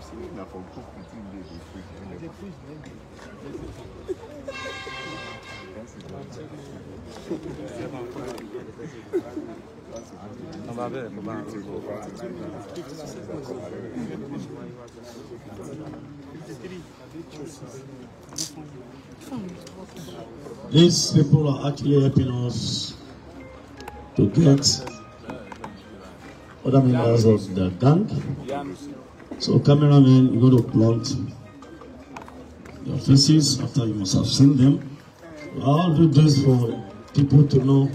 you see me now for cook These people are actually helping us to get other members of the gang. So cameraman, you got to plot your faces after you must have seen them. I'll do this for people to know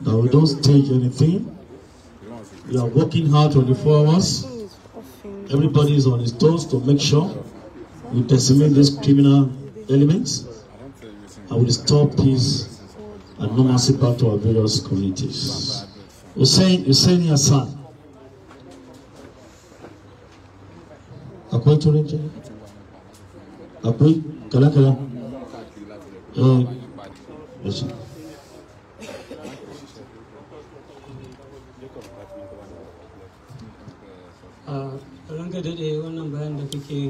that we don't take anything. We are working hard 24 hours. Everybody is on his toes to make sure we decimate these criminal elements and we restore peace and normalcy back to our various communities. Hussein, Hussein son. akwai turanci akwai kala-kala eh wasu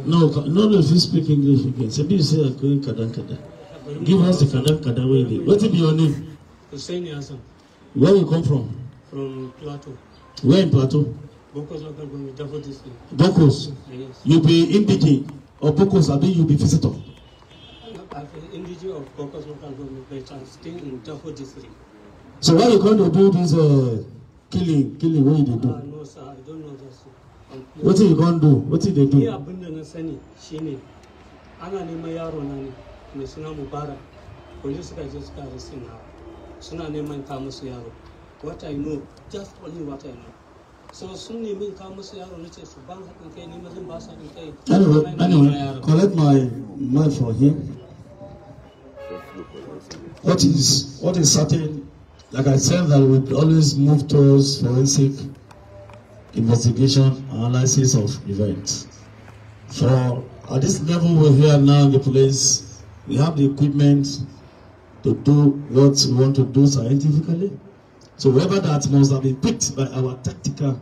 no no if you speak english you can sabi sai akwai kadan give us the kadan-kadan wey dey what be your name hussein hassan where you come from from plateau where in plateau Bokos local government, Bokos? Yes. You be indigene or Bokos, abi you be visitor? I'm indigene of Bokos local government, but I'm staying in Dafo district. So why you going to do this uh, killing, killing, what you do? Uh, no sir, I don't know that sir. Wetin you going do? Wetin dey do? Ni abin da na sani shine ana neman yaro na ne mai suna Mubarak. Police suka je suka arrestin na. Suna neman ka musu yaro. What I know, just only what I know. so sun nemi ka musu anyway anyway collect my mind from him what is what is certain like i said that we always move towards forensic investigation analysis of events so at this level we're here now in the place we have the equipment to do what we want to do scientifically so whoever that must have been picked by our tactical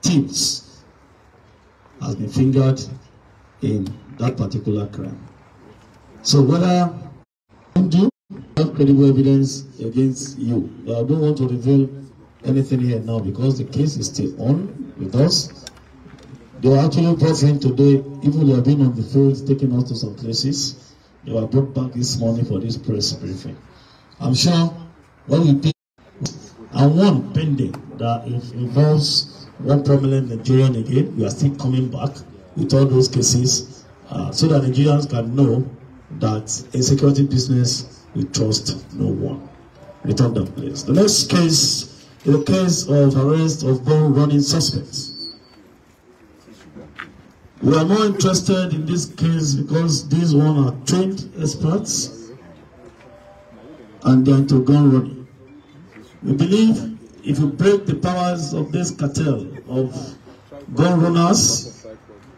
teams has been fingered in that particular crime. So whether you have credible evidence against you, I don't want to reveal anything here now because the case is still on with us. They were actually brought in today, even they have been on the field taking us to some places. They were brought back this morning for this press briefing. I'm sure when we pick and one pending that involves one prominent Nigerian again. We are still coming back with all those cases uh, so that Nigerians can know that in security business we trust no one. Return them, please. The next case is the case of arrest of ball running suspects. We are more interested in this case because these one are trained experts and they are into gun running. We believe if we break the powers of this cartel of gun runners,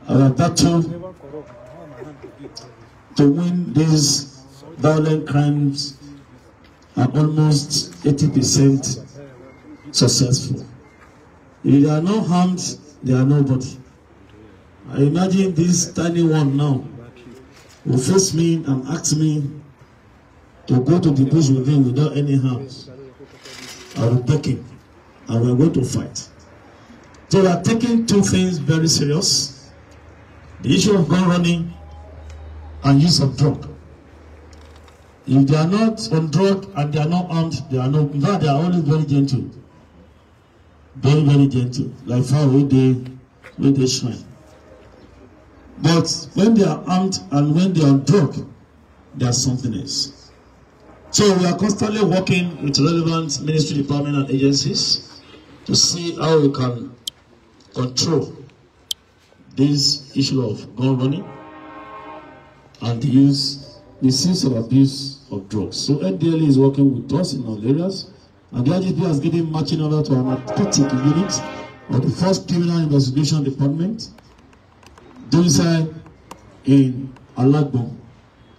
our battle to win these violent crimes are almost 80% successful. If they are not harmed, they are nobody. I imagine this tiny one now will face me and ask me to go to the bush with him without any harm. I will back and we are going to fight. They are taking two things very serious. The issue of gun running and use of drug. If they are not on drug and they are not armed, they are not, in fact, they are always very gentle. Very, very gentle. Like how away they, where they shine. But when they are armed and when they are on drug, they are something else. So we are constantly working with relevant ministry department and agencies to see how we can control this issue of gun running and the use, the sense of abuse of drugs. So NDLE is working with us in all areas and the IGP has given matching order to our narcotic unit of the first criminal investigation department domicile in Alagbo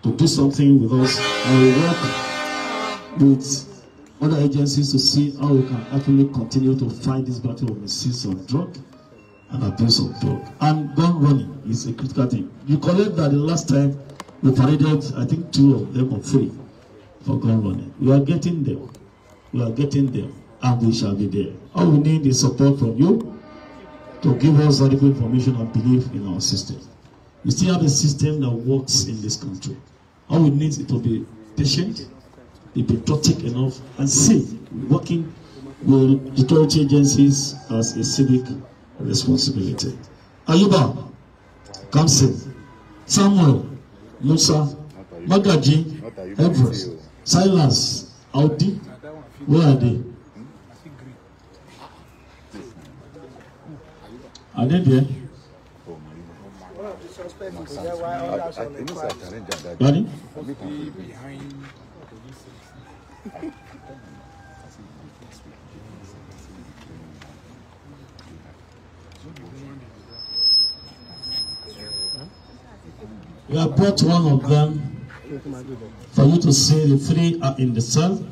to do something with us and we With other agencies to see how we can actually continue to fight this battle of misuse of drug and abuse of drug. And gun running is a critical thing. You collect that the last time we paraded, I think, two of them or three for gun running. We are getting them. We are getting them, and we shall be there. All we need is support from you to give us adequate information and belief in our system. We still have a system that works in this country. All we need is to be patient be patriotic enough and see working with the authority agencies as a civic responsibility. Ayuba, Kamsin, Samuel, Musa, Magaji, Everest, Silas, Audi, where are they? Are they there? Are Pardon? We have brought one of them for you to see the three are in the cell.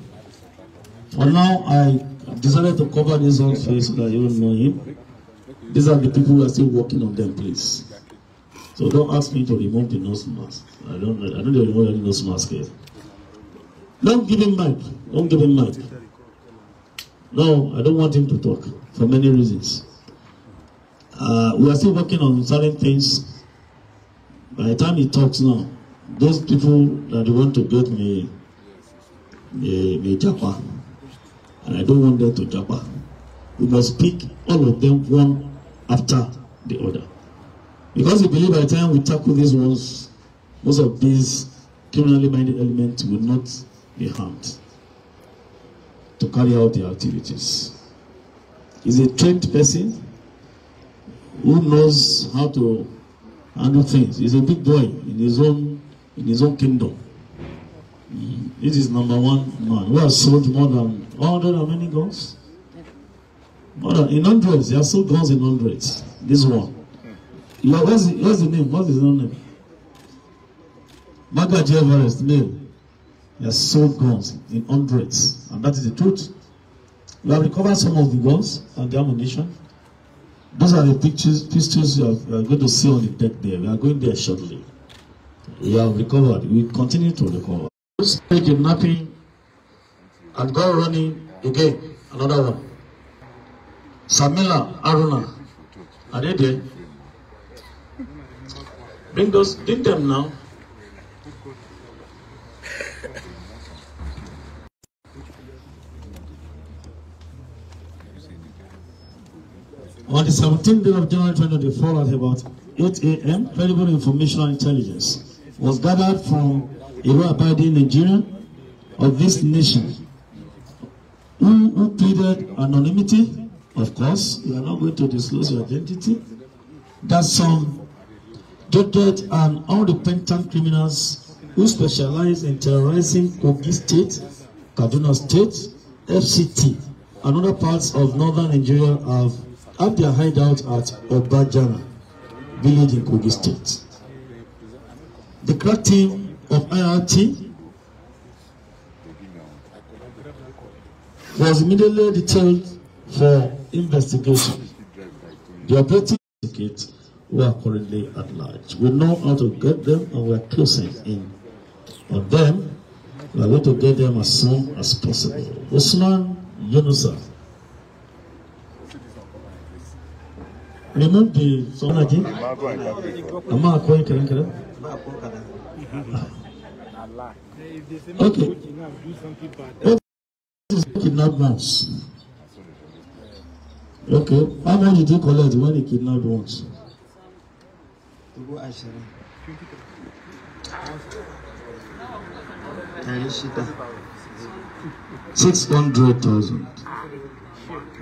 For now, I decided to cover this whole face so that you don't know him. These are the people who are still working on them, please. So don't ask me to remove the nose mask. I don't I don't remove any nose mask here. Don't give him mic. Don't give him mic. No, I don't want him to talk for many reasons. Uh, we are still working on certain things. By the time he talks now, those people that they want to get me, me, me japa, and I don't want them to japa. We must pick all of them one after the other. Because we believe by the time we tackle these ones, most of these criminally minded elements will not be hand to carry out their activities. He's a trained person who knows how to handle things. He's a big boy in his own in his own kingdom. This is number one man who has sold more than 100 how many guns? More than, in hundreds, there are sold guns in hundreds. This one. Yeah, what's, the, what's the name? What's his own name? Maga Everest, male. He has sold guns in hundreds, and that is the truth. We have recovered some of the guns and the ammunition. Those are the pictures, pistols you, have, you are going to see on the deck there. We are going there shortly. We have recovered. We continue to recover. Those kidnapping and gun running again, another one. Samila Aruna, are they there? Bring those, bring them now. On the 17th of January 2024 at about 8 a.m., credible informational intelligence was gathered from a law-abiding Nigerian of this nation who, who pleaded anonymity, of course, you are not going to disclose your identity, that some judged and unrepentant criminals who specialize in terrorizing Kogi State, Kaduna State, FCT, and other parts of northern Nigeria have have their hideout at Obajana village in Kogi State. The crack team of IRT was immediately detailed for investigation. The operating ticket were currently at large. We know how to get them and we are closing in on them. We are going to get them as soon as possible. Usman Yunusa. remove the sonaji amma akwai kiran kiran okay what is kidnap mouse okay how much did you collect when he kidnapped once Six hundred thousand.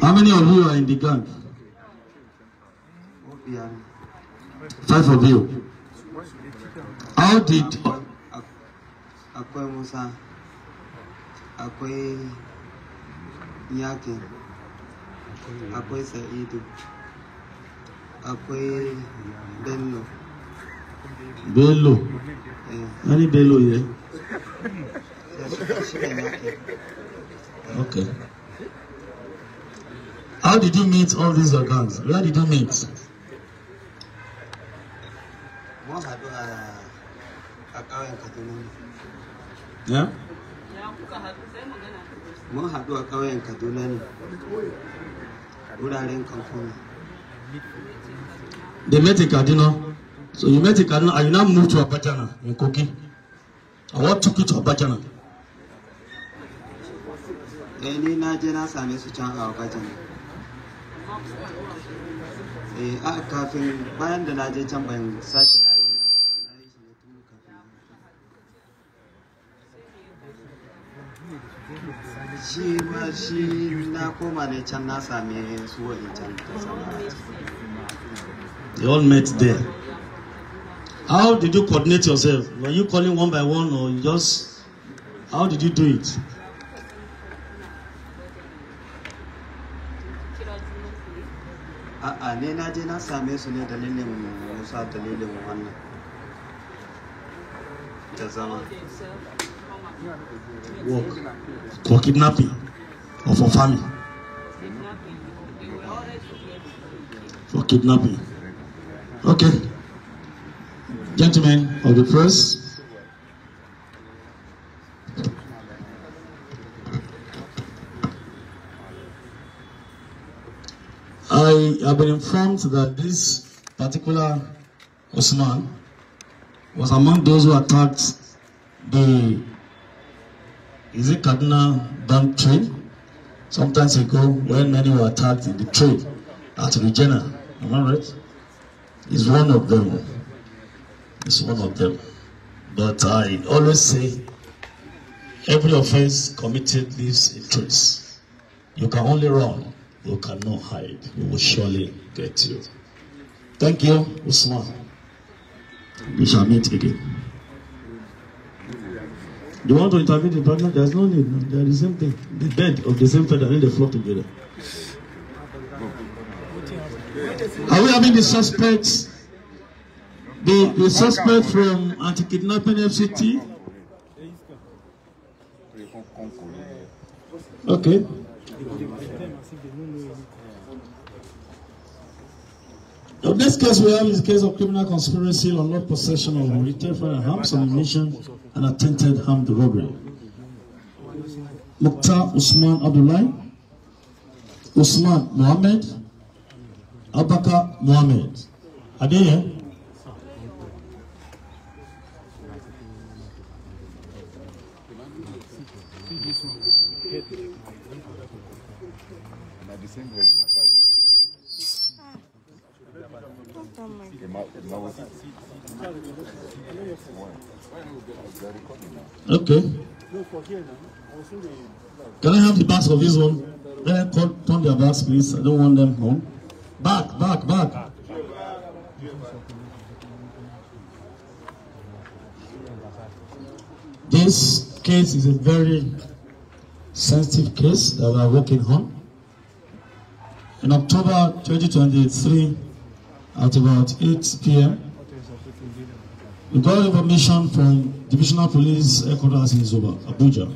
How many of you are in the gang? Five of you. How did. Akwe Musa. Akwe Nyake. Akwe Saidu. Akwe Bello. Bello. Any Bello here? Okay. How did you meet all these organs? Where did you meet? mun haɗu a ƙauyen kaduna ne mun haɗu a ƙauyen kaduna ne wuraren kankuna they met in kaduna so you met in kaduna and you now moved to abajana in kogi and what took you to abajana eh ni na je na same su can a abajana eh a kafin bayan da na je can ban sake shi ma shi na koma ne can na same su wa'incan They all met there. How did you coordinate yourself? Were you calling one by one or just how did you do it? A'a ne na je na same su ne dalilin Musa dalilin wannan da zama. work for kidnapping or for farming. For kidnapping. Okay. Gentlemen of the press, I have been informed that this particular Osman was among those who attacked the Is it Kaduna Bank trade? Sometimes ago, when many were attacked in the trade at Regina, am I right? It's one of them. It's one of them. But I always say, every offense committed leaves a trace. You can only run, you cannot hide. We will surely get you. Thank you, Usman. We shall meet again. They want to intervene in partner, there's no need. No. They are the same thing. The bed of the same feather, then they flock together. Are we having the suspects? The, the suspect from anti-kidnapping FCT? Okay. The next case we have is the case of criminal conspiracy, unlawful possession of retail firearms and ammunition An attempted armed robbery. Mukhtar Usman Abdullah, Usman Mohammed, Abaka Mohammed. Are they here? Oh ah. my God. Okay. Can I have the backs of this one? Let them turn their backs, please. I don't want them home. Back, back, back. This case is a very sensitive case that we are working on. In October 2023, at about 8 p.m., We got information from Divisional Police Headquarters in Zoba, Abuja,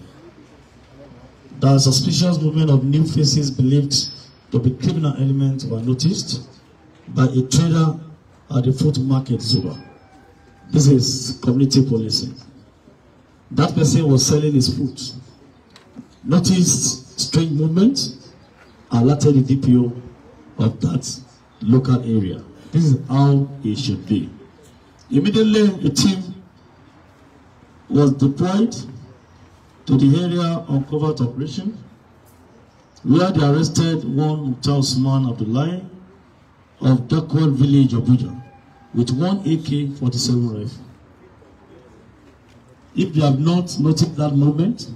that suspicious movement of new faces believed to be criminal elements were noticed by a trader at the food market Zoba. This is community policing. That person was selling his food. Noticed strange movement, alerted the DPO of that local area. This is how it should be. Immediately a team was deployed to the area of covert operation where they arrested one man of the line of Dakwal village, Abuja, with one AK-47 rifle. If you have not noticed that moment,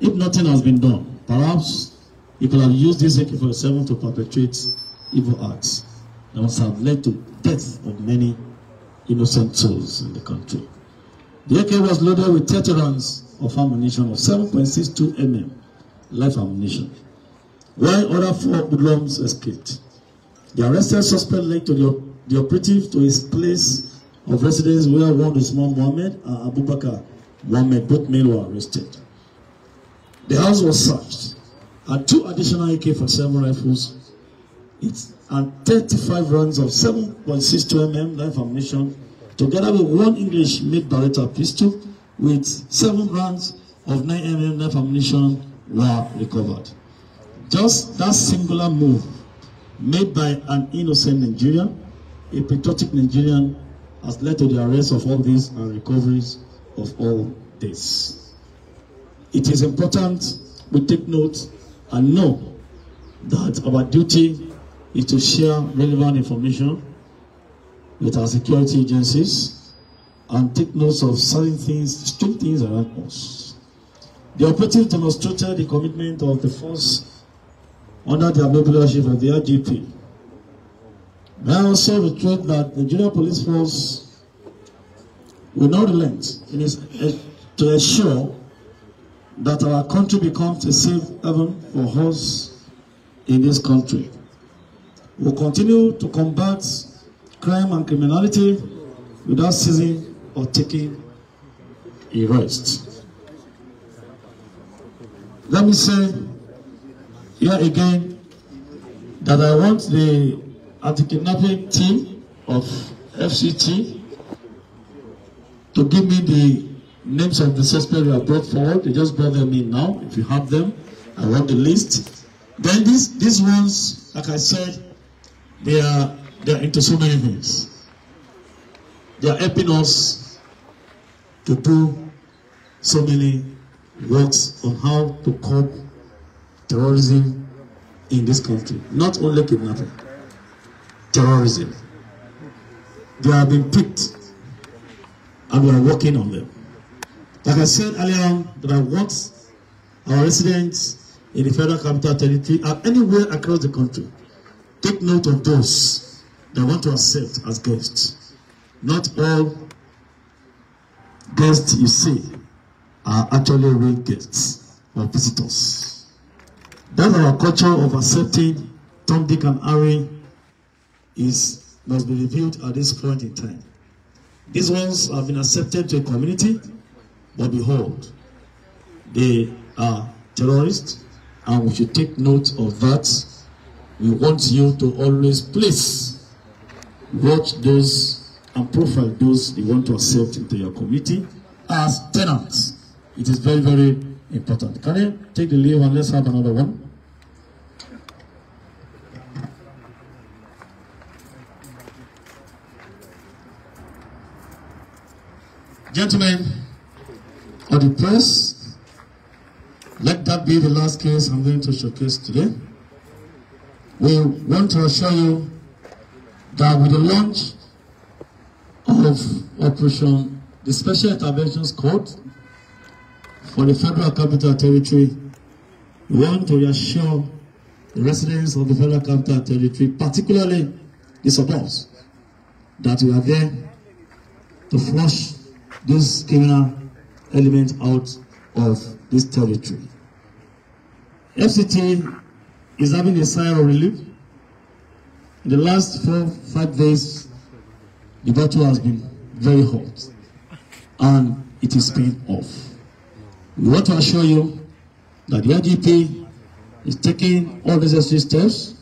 if nothing has been done, perhaps you could have used this AK-47 to perpetrate evil acts that must have led to death of many innocent souls in the country. The AK was loaded with 30 rounds of ammunition of 7.62 mm, live ammunition, while other four hoodlums escaped. The arrested suspect led to the, the operative to his place of residence where one Usman Mohammed and Abubakar Mohammed, both men were arrested. The house was searched, and two additional AK-47 rifles, its and 35 rounds of 7.62 mm live ammunition, together with one English made Beretta pistol with seven rounds of 9 mm live ammunition were recovered. Just that singular move made by an innocent Nigerian, a patriotic Nigerian, has led to the arrest of all these and recoveries of all this. It is important we take note and know that our duty is to share relevant information with our security agencies and take notes of certain things, strict things around us. The operative demonstrated the commitment of the force under the leadership of the IGP. May I also reiterate that the Nigerian Police Force will not relent in its, eh, to ensure that our country becomes a safe haven for us in this country. will continue to combat crime and criminality without ceasing or taking a rest. Let me say here again that I want the anti-kidnapping team of FCT to give me the names of the suspects we have brought forward. They just brought them in now. If you have them, I want the list. Then these, these ones, like I said, They are, they are into so many things. They are helping us to do so many works on how to curb terrorism in this country. Not only kidnapping, terrorism. They have been picked and we are working on them. Like I said earlier on, that I want our residents in the federal capital territory and anywhere across the country Take note of those that want to accept as guests. Not all guests you see are actually real guests or visitors. That's our culture of accepting Tom, Dick, and Harry is must be reviewed at this point in time. These ones have been accepted to a community, but behold, they are terrorists, and we should take note of that we want you to always please watch those and profile those you want to accept into your committee as tenants. It is very, very important. Can you take the leave and let's have another one? Gentlemen of the press, let that be the last case I'm going to showcase today. we want to assure you that with the launch of Operation, the Special Interventions Court for the Federal Capital Territory, we want to reassure the residents of the Federal Capital Territory, particularly the suburbs, that we are there to flush this criminal element out of this territory. FCT is having a sigh of relief. the last four, five days, the battle has been very hot and it is paying off. We want to assure you that the IGP is taking all necessary steps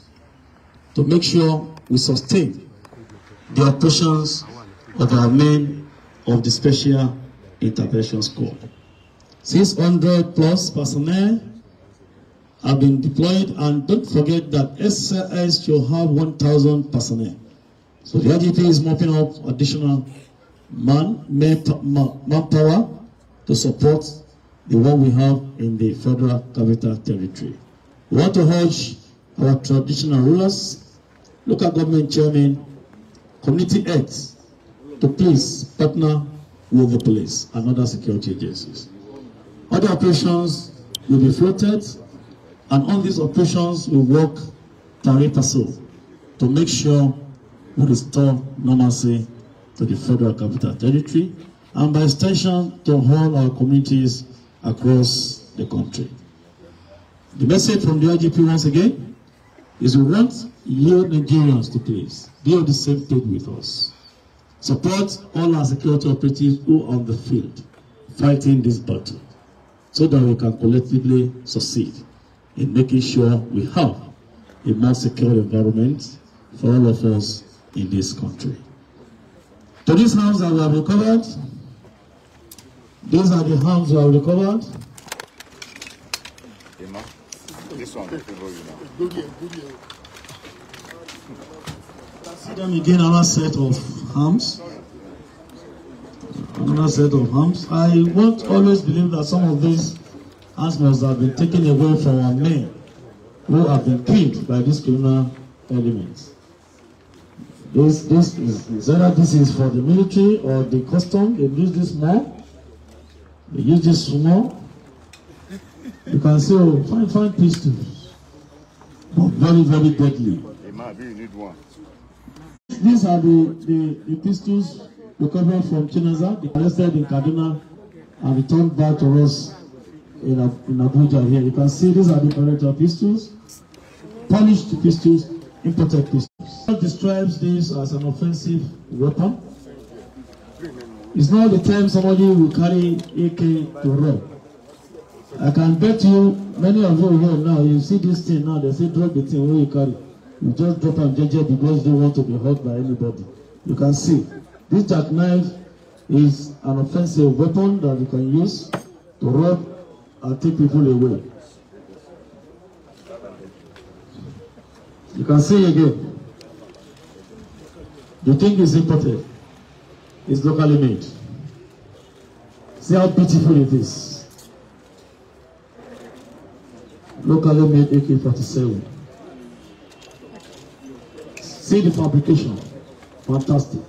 to make sure we sustain the operations of our men of the Special Intervention Corps. 600 plus personnel have been deployed. And don't forget that SIS will have 1,000 personnel. So the AGP is mopping up additional man, manpower to support the one we have in the Federal Capital Territory. We want to urge our traditional rulers, local government chairmen, community heads, to please partner with the police and other security agencies. Other operations will be floated and on these operations, we work tirelessly to make sure we restore normalcy to the Federal Capital Territory and by extension to all our communities across the country. The message from the IGP once again is we want your Nigerians to please be on the same page with us. Support all our security operatives who are on the field fighting this battle so that we can collectively succeed in making sure we have a more secure environment for all of us in this country. To these homes that we have recovered, these are the hands we have recovered. this one will See them again, another set of arms. Another set of arms. I won't always believe that some of these Answers have been taken away from our men who have been killed by these criminal elements. This, this is either this is for the military or the custom. They use this more. They use this more. You can say, oh, fine, fine pistols, but very, very deadly. These are the, the, the pistols recovered from Chinaza, arrested in Kaduna, and returned back to us in, in Abuja here. You can see these are the original pistols, polished pistols, imported pistols. It describes this as an offensive weapon. It's not the time somebody will carry AK to rob. I can bet you, many of you here now, you see this thing now, they say drop the thing where you carry. You just drop and jeje because you don't want to be hurt by anybody. You can see, this jackknife is an offensive weapon that you can use to rob and take people away. You can see again. The thing is important. It's locally made. See how beautiful it is. Locally made AK-47. See the fabrication. Fantastic.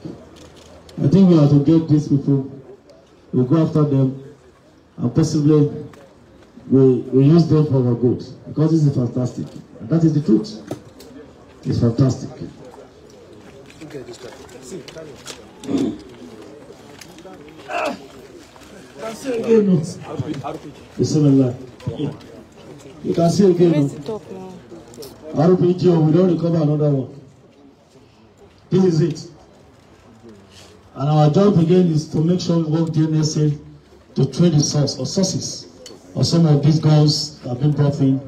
I think we have to get these people, we we'll go after them, and possibly we, we use them for our good because this is fantastic. that is the truth. It's fantastic. you can see again. Bismillah. You can see again. RPG, we don't recover another one. This is it. And our job again is to make sure we work DNSA to train the source or sources. or some of these girls have been brought in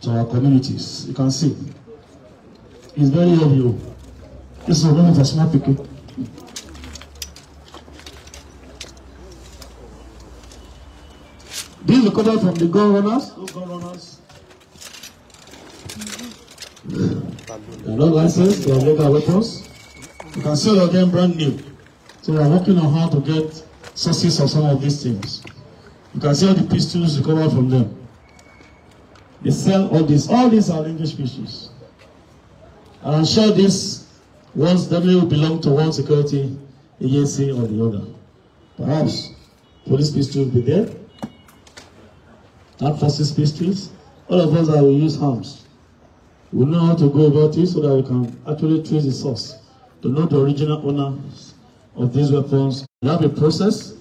to our communities. You can see. It's very obvious. This is one of the small people. This is recorded from the gun runners. Oh, gun runners. They are no license, they have legal weapons. You can see all of them brand new. So we are working on how to get sources of some of these things. You can see all the pistols out from them. They sell all this. All these are English pistols. And I'm sure this once definitely will belong to one security agency or the other. Perhaps police pistols will be there, armed forces pistols. All of us that will use arms we know how to go about it so that we can actually trace the source, to know the original owner of these weapons. We have a process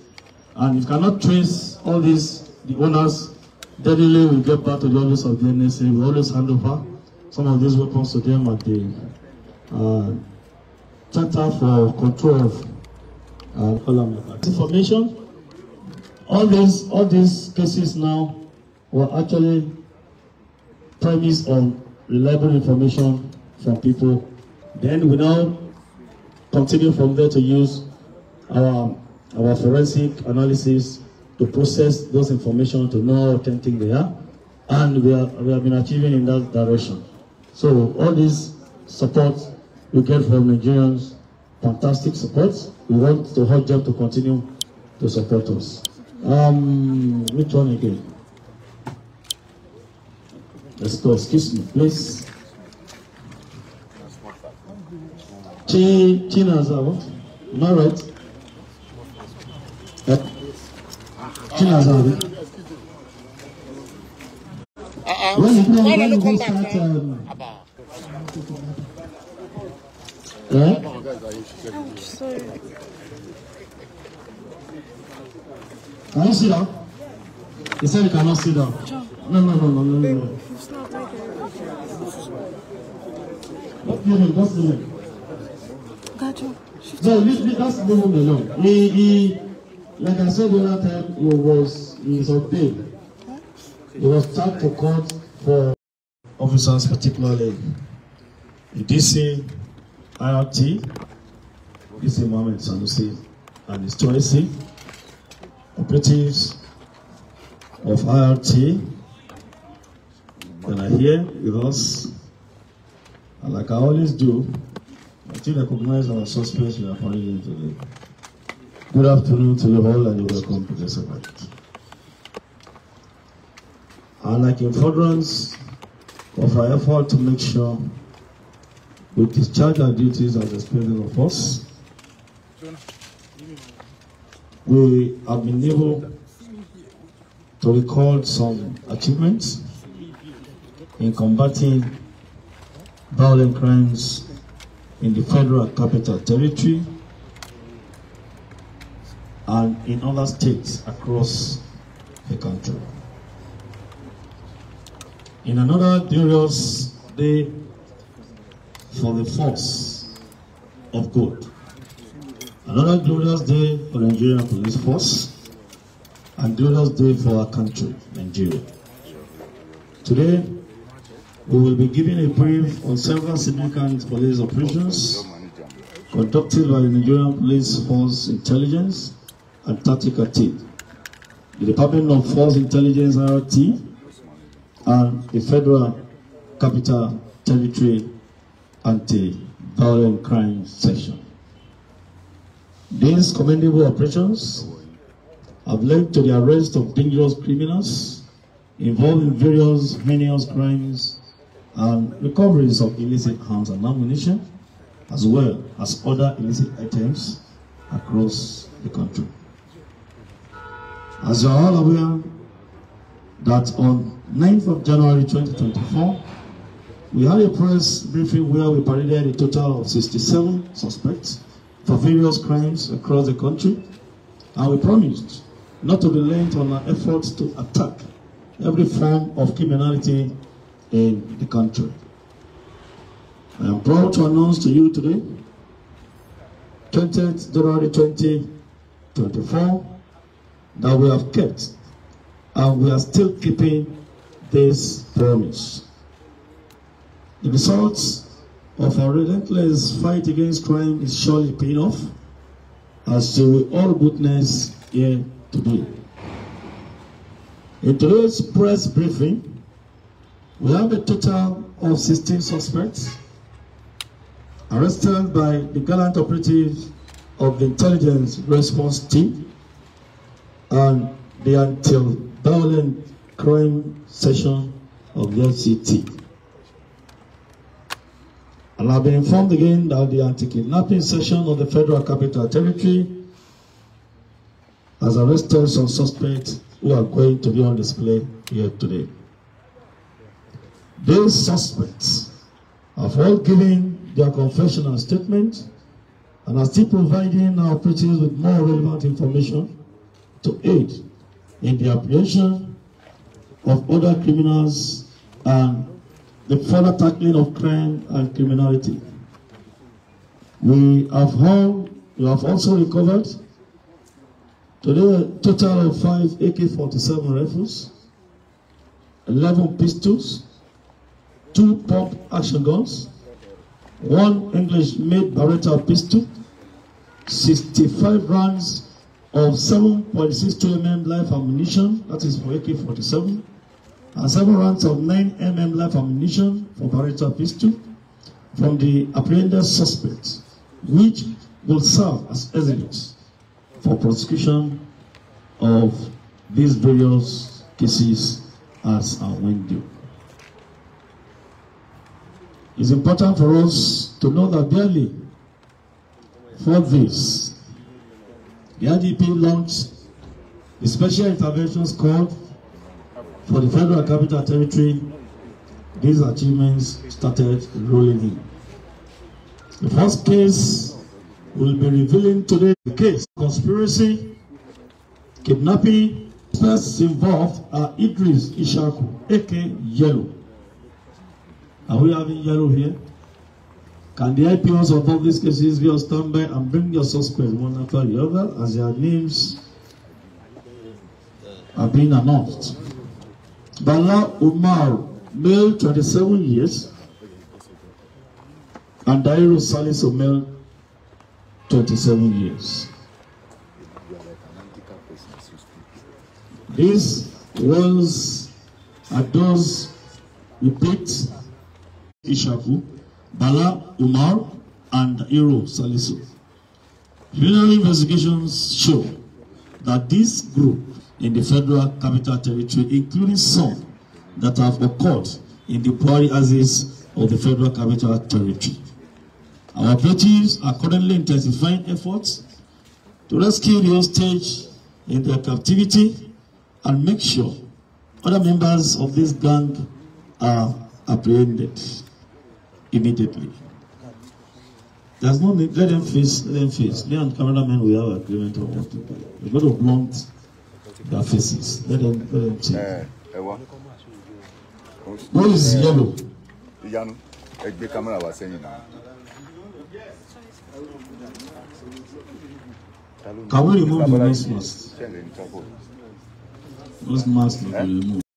And if cannot trace all these, the owners, definitely will get back to the office of the NSA. We always hand over some of these weapons to them at the uh, Charter for Control of uh, Information. All these, all these cases now were actually premised on reliable information from people. Then we now continue from there to use our our forensic analysis to process those information to know how authentic they are. And we, are, we have been achieving in that direction. So all this support we get from Nigerians, fantastic support. We want to whole job to continue to support us. Um, which one again? Let's go, excuse me, please. Tina, Chi is that uh, what? Am I right? Kina zaune. When you go, when you go start. Um, eh? Ouch, sorry. Can you sit down? He said he cannot sit down. No, no, no, no, no, no. no. What do you mean? What's the name? Gajo. No, leave, leave, that's the woman alone. He, he, Like I said the other time, he was he is on bail. He was tagged to court for officers, particularly the DC, IRT, DC Mohammed Sanusi, and his Toysi, operatives of IRT that are here with us. And like I always do, I still recognize our suspects we are following today. Good afternoon to you all and welcome to event. I'd like in furtherance of our effort to make sure we discharge our duties as a of us, we have been able to record some achievements in combating violent crimes in the federal capital territory and in other states across the country. In another glorious day for the force of God, another glorious day for the Nigerian police force, and glorious day for our country, Nigeria. Today, we will be giving a brief on several significant police operations conducted by the Nigerian Police Force Intelligence Antarctica Team, the Department of Force Intelligence RT, and the Federal Capital Territory Anti-Violent Crime Section. These commendable operations have led to the arrest of dangerous criminals involved in various heinous crimes and recoveries of illicit arms and ammunition, as well as other illicit items across the country. As you are all aware, that on 9th of January 2024, we had a press briefing where we paraded a total of 67 suspects for various crimes across the country, and we promised not to be on our efforts to attack every form of criminality in the country. I am proud to announce to you today, 20th January 2024, that we have kept, and we are still keeping this promise. The results of our relentless fight against crime is surely paying off, as we all witness here today. In today's press briefing, we have a total of 16 suspects arrested by the gallant operatives of the intelligence response team and the anti-violent crime section of the LCT. And I've been informed again that the anti-kidnapping section of the Federal Capital Territory has arrested some suspects who are going to be on display here today. These suspects have all given their confessional and statement and are still providing our police with more relevant information to aid in the apprehension of other criminals and the further tackling of crime and criminality. We have, all, we have also recovered today a total of five AK-47 rifles, 11 pistols, two pump action guns, one English-made Beretta pistol, 65 rounds of 7.62 mm live ammunition, that is for AK-47, and seven rounds of 9 mm live ammunition for Barretta pistol from the apprehended suspect, which will serve as evidence for prosecution of these various cases as a window. It's important for us to know that barely for this The IDP launched a special interventions called for the Federal Capital Territory. These achievements started rolling in. The first case will be revealing today the case conspiracy, kidnapping. The persons involved are Idris Ishaku, aka Yellow. Are we having yellow here? Can the IPOs of all these cases be on standby and bring your suspects one after the other as their names are being announced? Bala Umar, male 27 years, and Dairo Salis male, 27 years. These ones are those repeat Ishaku. Bala Umar, and Hero Salisu. Preliminary investigations show that this group in the Federal Capital Territory, including some that have occurred in the Buhari axis of the Federal Capital Territory. Our operatives are currently intensifying efforts to rescue the hostage in their captivity and make sure other members of this gang are apprehended immediately. There's no need, let them face, let them face. Me and cameramen, we have agreement on what to do. We've got to blunt their faces. Let them, let them change. Eh, what is yellow? Ìyanu, ẹ gbé kámẹ́rà wá sẹ́yìn Can we remove the nose mask? Nose mask will be removed.